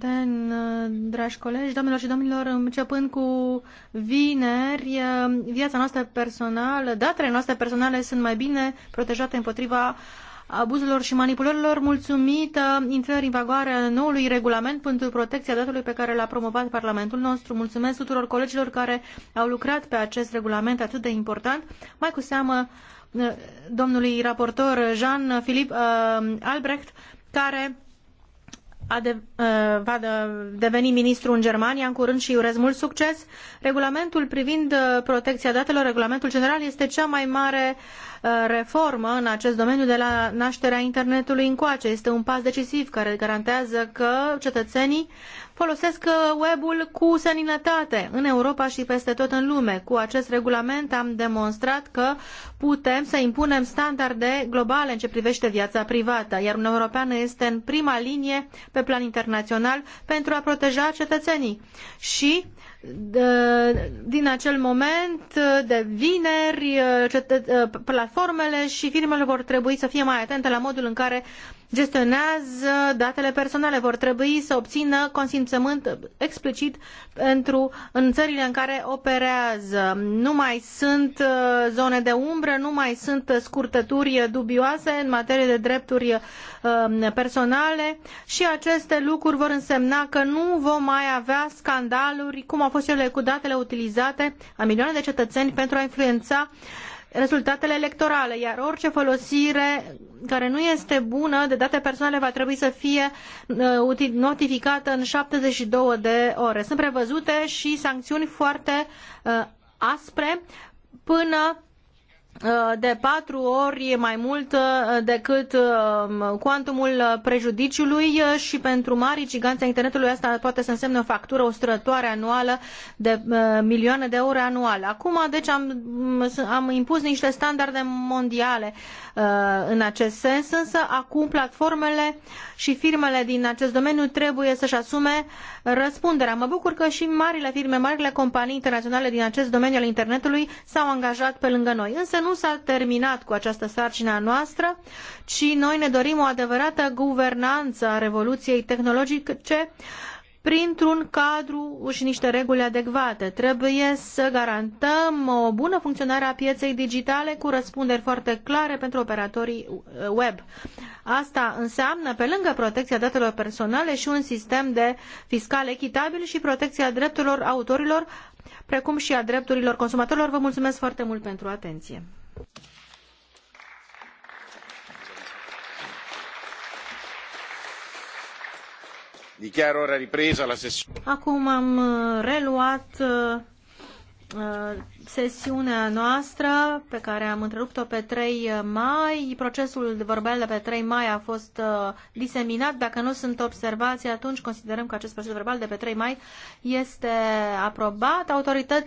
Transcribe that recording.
Den, dragi colegi, doamnelor și domnilor, începând cu vineri, viața noastră personală, datele noastre personale sunt mai bine protejate împotriva abuzurilor și manipulărilor, mulțumită intrării în vagoare noului regulament pentru protecția datelor pe care l-a promovat Parlamentul nostru. Mulțumesc tuturor colegilor care au lucrat pe acest regulament atât de important, mai cu seamă eh, domnului raportor Jean-Philippe eh, Albrecht, care Uh, de, va deveni ministru în Germania în curând și îi urez mult succes. Regulamentul privind uh, protecția datelor, regulamentul general, este cea mai mare uh, reformă în acest domeniu de la nașterea internetului încoace. Este un pas decisiv care garantează că cetățenii folosesc webul cu seninătate în Europa și peste tot în lume. Cu acest regulament am demonstrat că putem să impunem standarde globale în ce privește viața privată, iar Uniunea Europeană este în prima linie pe pe plan internațional pentru a proteja cetățenii. Și din acel moment, de vineri, platformele și firmele vor trebui să fie mai atente la modul în care gestionează datele personale. Vor trebui să obțină consimțământ explicit pentru în țările în care operează. Nu mai sunt uh, zone de umbră, nu mai sunt scurtături dubioase în materie de drepturi uh, personale și acest aceste lucruri vor însemna că nu vom mai avea scandaluri, cum au fost cele cu datele utilizate a milioane de cetățeni pentru a influența rezultatele electorale, iar orice folosire care nu este bună de date personale va trebui să fie uh, notificată în 72 de ore. Sunt prevăzute și sancțiuni foarte uh, aspre până Uh, de patru ori mai mult uh, decât um, cuantumul prejudiciului uh, și pentru mari giganți internetului asta poate să însemne o factură, ostrătoare anuală de milioane de euro anual. Acum, deci, am, mm, am impus niște standarde mondiale în acest sens, însă acum platformele și firmele din acest domeniu trebuie să-și asume răspunderea. Mă bucur că și marile firme, marile companii internaționale din acest domeniu al internetului s-au angajat pe lângă noi. Însă nu nu s-a terminat cu această sarcină a noastră, ci noi ne dorim o adevărată guvernanță a revoluției tehnologice printr-un cadru și niște reguli adecvate. Trebuie să garantăm o bună funcționare a pieței digitale cu răspunderi foarte clare pentru operatorii web. Asta înseamnă, pe lângă protecția datelor personale, și un sistem de fiscal echitabil și protecția drepturilor autorilor, precum și a drepturilor consumatorilor. Vă mulțumesc foarte mult pentru atenție. Dichiaro ora ripresa la sessione. Acum am uh, reluat uh, uh, sesiunea noastră pe care am întrerupt-o pe 3 mai. Procesul de vorbel de pe 3 mai a fost diseminat. Dacă nu sunt observații, atunci considerăm că acest proces verbal de pe 3 mai este aprobat. Autorități